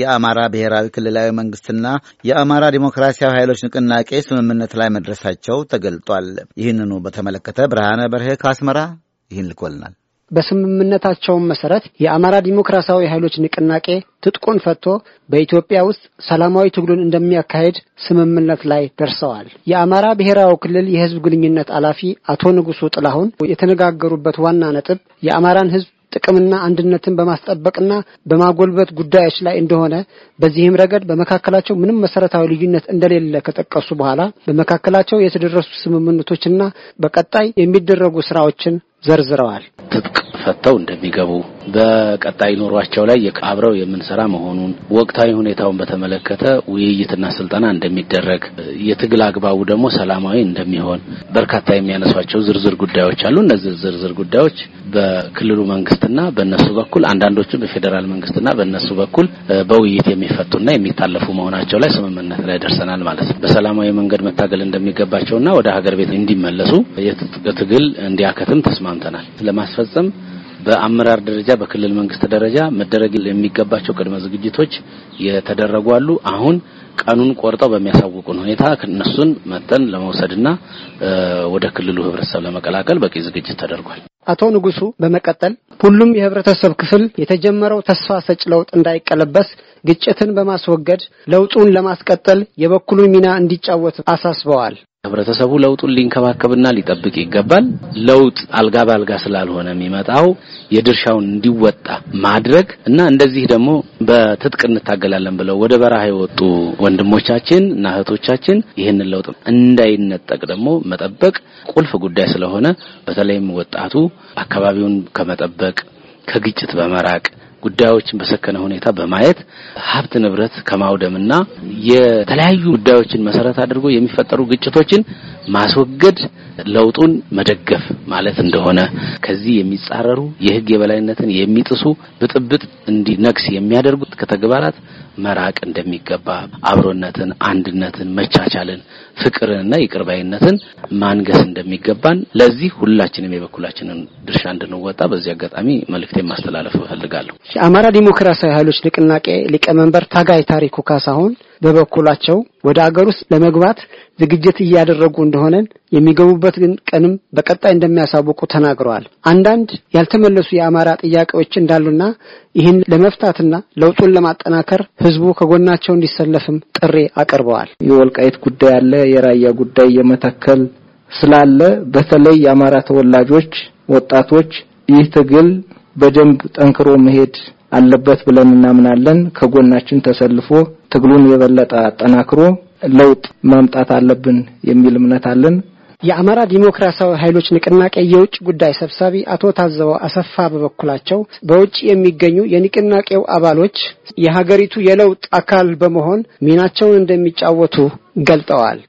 የአማራ ብሔራዊ ክልላዊ መንግስትና የአማራ ዲሞክራሲያዊ ኃይሎች ንቅናቄ ስምምነት ላይ መድረሳቸው ተገልጧል። ይህንኑ በተመለከተ ብርሃነ በርሄ ከአስመራ ይህን ልኮልናል። በስምምነታቸውም መሰረት የአማራ ዲሞክራሲያዊ ኃይሎች ንቅናቄ ትጥቁን ፈቶ በኢትዮጵያ ውስጥ ሰላማዊ ትግሉን እንደሚያካሄድ ስምምነት ላይ ደርሰዋል። የአማራ ብሔራዊ ክልል የህዝብ ግንኙነት ኃላፊ አቶ ንጉሱ ጥላሁን የተነጋገሩበት ዋና ነጥብ የአማራን ህዝብ ጥቅምና አንድነትን በማስጠበቅና በማጎልበት ጉዳዮች ላይ እንደሆነ በዚህም ረገድ በመካከላቸው ምንም መሰረታዊ ልዩነት እንደሌለ ከጠቀሱ በኋላ በመካከላቸው የተደረሱ ስምምነቶችና በቀጣይ የሚደረጉ ስራዎችን ዘርዝረዋል። ፈተው እንደሚገቡ በቀጣይ ኑሯቸው ላይ አብረው የምንሰራ መሆኑን ወቅታዊ ሁኔታውን በተመለከተ ውይይትና ስልጠና እንደሚደረግ የትግል አግባቡ ደግሞ ሰላማዊ እንደሚሆን በርካታ የሚያነሷቸው ዝርዝር ጉዳዮች አሉ። እነዚህ ዝርዝር ጉዳዮች በክልሉ መንግስትና በእነሱ በኩል አንዳንዶቹ በፌዴራል መንግስትና በእነሱ በኩል በውይይት የሚፈቱና የሚታለፉ መሆናቸው ላይ ስምምነት ላይ ደርሰናል ማለት ነው። በሰላማዊ መንገድ መታገል እንደሚገባቸውና ወደ ሀገር ቤት እንዲመለሱ የትጥቅ ትግል እንዲያከትም ተስማምተናል ለማስፈጸም በአመራር ደረጃ በክልል መንግስት ደረጃ መደረግ የሚገባቸው ቅድመ ዝግጅቶች የተደረጉ አሉ። አሁን ቀኑን ቆርጠው በሚያሳውቁን ሁኔታ እነሱን መጠን ለመውሰድና ወደ ክልሉ ህብረተሰብ ለመቀላቀል በቂ ዝግጅት ተደርጓል። አቶ ንጉሱ በመቀጠል ሁሉም የህብረተሰብ ክፍል የተጀመረው ተስፋ ሰጭ ለውጥ እንዳይቀለበስ ግጭትን በማስወገድ ለውጡን ለማስቀጠል የበኩሉን ሚና እንዲጫወት አሳስበዋል። ህብረተሰቡ ለውጡን ሊንከባከብና ሊጠብቅ ይገባል። ለውጥ አልጋ በአልጋ ስላልሆነ የሚመጣው የድርሻውን እንዲወጣ ማድረግ እና እንደዚህ ደግሞ በትጥቅ እንታገላለን ብለው ወደ በረሃ የወጡ ወንድሞቻችን እና እህቶቻችን ይህንን ለውጥ እንዳይነጠቅ ደግሞ መጠበቅ ቁልፍ ጉዳይ ስለሆነ በተለይም ወጣቱ አካባቢውን ከመጠበቅ ከግጭት በመራቅ ጉዳዮችን በሰከነ ሁኔታ በማየት ሀብት ንብረት ከማውደምና የተለያዩ ጉዳዮችን መሰረት አድርጎ የሚፈጠሩ ግጭቶችን ማስወገድ ለውጡን መደገፍ ማለት እንደሆነ ከዚህ የሚጻረሩ የሕግ የበላይነትን የሚጥሱ ብጥብጥ እንዲነግስ የሚያደርጉት ከተግባራት መራቅ እንደሚገባ አብሮነትን፣ አንድነትን፣ መቻቻልን፣ ፍቅርንና ይቅርባይነትን ማንገስ እንደሚገባን ለዚህ ሁላችንም የበኩላችንን ድርሻ እንድንወጣ በዚህ አጋጣሚ መልእክቴን ማስተላለፍ እፈልጋለሁ። የአማራ ዲሞክራሲያዊ ኃይሎች ንቅናቄ ሊቀመንበር ታጋይ ታሪኩ ካሳሁን በበኩላቸው ወደ አገር ውስጥ ለመግባት ዝግጅት እያደረጉ እንደሆነ የሚገቡበት ቀንም በቀጣይ እንደሚያሳውቁ ተናግረዋል። አንዳንድ ያልተመለሱ የአማራ ጥያቄዎች እንዳሉና ይህን ለመፍታትና ለውጡን ለማጠናከር ህዝቡ ከጎናቸው እንዲሰለፍም ጥሪ አቅርበዋል። የወልቃይት ጉዳይ አለ፣ የራያ ጉዳይ የመተከል ስላለ በተለይ የአማራ ተወላጆች ወጣቶች ይህ ትግል በደንብ ጠንክሮ መሄድ አለበት ብለን እናምናለን። ከጎናችን ተሰልፎ ትግሉን የበለጠ አጠናክሮ ለውጥ ማምጣት አለብን የሚል እምነት አለን። የአማራ ዲሞክራሲያዊ ኃይሎች ንቅናቄ የውጭ ጉዳይ ሰብሳቢ አቶ ታዘበው አሰፋ በበኩላቸው በውጭ የሚገኙ የንቅናቄው አባሎች የሀገሪቱ የለውጥ አካል በመሆን ሚናቸውን እንደሚጫወቱ ገልጠዋል።